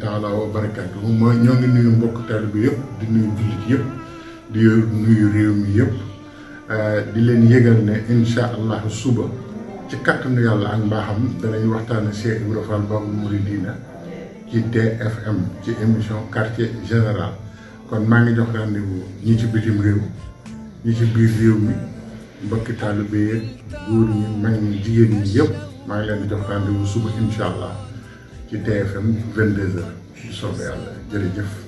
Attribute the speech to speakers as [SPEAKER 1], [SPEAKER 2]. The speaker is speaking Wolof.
[SPEAKER 1] taala wa barakaatu mooy ñoo ngi nuyu mbokk taalibe bi yëpp di nuyu jullit yëpp di nuyu réew mi yëpp eh, di leen yëgal ne incha allah suba ci kattanu yàlla ak mbaaxam danañ waxtaane Cheikh Ibra mu Babou Mouridina ci TFM ci émission quartier général kon maa ngi jox rendez-vous ñi ci bitim réew ñi ci biir réew mi mbokki taalibe yëpp góor ñi mag ñi jigéen ñi yëpp maa ngi leen di jox rendez-vous suba incha allah ci TFM 22h
[SPEAKER 2] bu soobee yàlla jërëjëf.